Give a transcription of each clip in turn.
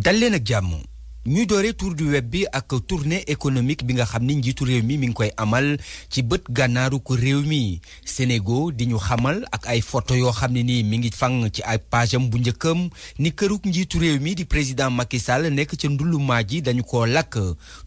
dalleen ak jàmm ñuy doore tour du web bi ak tournée économique bi nga xam ni njiitu réew mi mi ngi koy amal ci bët gànnaaru ko réew mi Sénégal di ñu xamal ak ay photo yoo xam ne nii mi ngi fang ci ay page bu njëkkam ni këruk njiitu réew mi di président Macky Sall nekk ca ndullumaa ji dañu ko lakk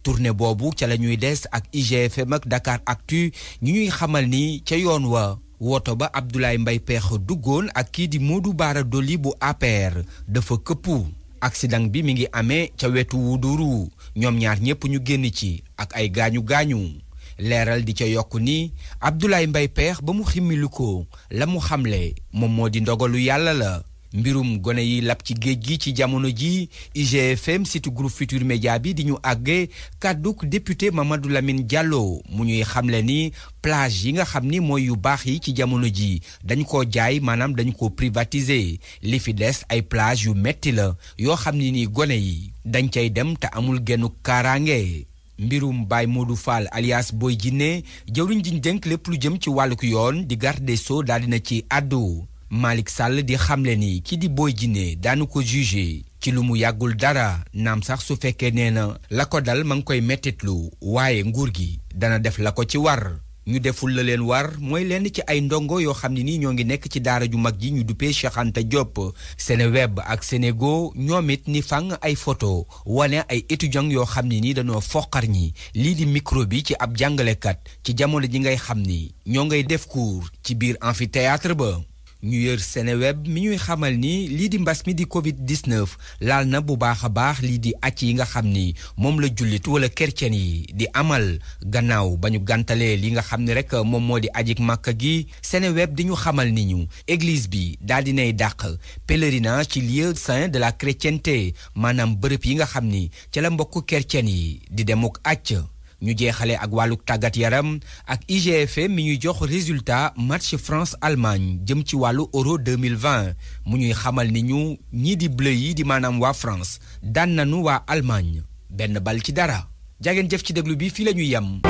tournée boobu ca la ñuy des ak IGFM ak Dakar Actu ñu ñuy xamal ni ca yoon wa woto ba Abdoulaye mbay Pekh duggoon ak kii di Modou Bara Dolly bu APR dafa këppu accident bi mu ngi amee ca wetu Wuduru ñoom ñaar ñépp ñu génn ci ak ay gaañu gaañu leeral di ca yokk ni Abdoulaye mbay Peex ba mu ximmilu ko la mu xamle moom moo di ndogalu yàlla la mbirum gone yi lab ci géej gi ci jamono ji IGFM site groupe Futur Média bi di ñu àggee kàdduk député Mamadou Lamine Diallo mu ñuy xamle ni plage yi nga xam ni mooy yu baax yi ci jamono ji dañu ko jaay maanaam dañ ko privatiser li fi des ay plage yu metti la yoo xam ni ni gone yi dañ cay dem te amul gennu kaaraange mbirum Baye Modou Fall alias booy Djiné jawriñ jiñ dénk lépp lu jëm ci wàlluk yoon di garde des Sceaux daal dina ci àddu Malick sàll di xamle ni kii di booy Djiné daanu ko jugé ci lu mu yàggul dara naam sax su fekkee nee na la ko dal ma ngi koy mettitlu waaye nguur gi dana def la ko ci war ñu deful la leen war mooy lenn ci ay ndongo yoo xam ne nii ñoo ngi nekk ci daara ju mag ji ñu duppee Cheikh Anta Diop Seneweb ak Senego ñoom it ni fang ay photo wane ay étudiants yoo xam ne nii dañoo foqar ñi lii di micro bi ci ab jàngalekat ci jamono ji ngay xam ni ñoo ngay def cours ci biir amphithéâtre ba ñu yër Seneweb mi ñuy xamal ni lii di mbas mi di Covid 19 laal na bu baax a baax lii di àcc yi nga xam ni moom la jullit wala kercen yi di amal gannaaw ba ñu gàntalee li nga xam ni rek moom moo di ajik màkk gi Seneweb di ñu xamal ni ñu église bi daal di nay dàq pèlerinage ci lieu saint de la chrétienté maanaam bërëb yi nga xam ni ca la mbokk kercen yi di demuk acc ñu jeexale ak wàlluk tàggat yaram ak IGFM mi ñuy jox résultat match France Allemagne jëm ci wàllu euro 2020 mu ñuy xamal ni ñu ñii di bleu yi di maanaam waa France daan nañu waa Allemagne benn bal ci dara jageen jëf ci déglu bi fii la ñuy yem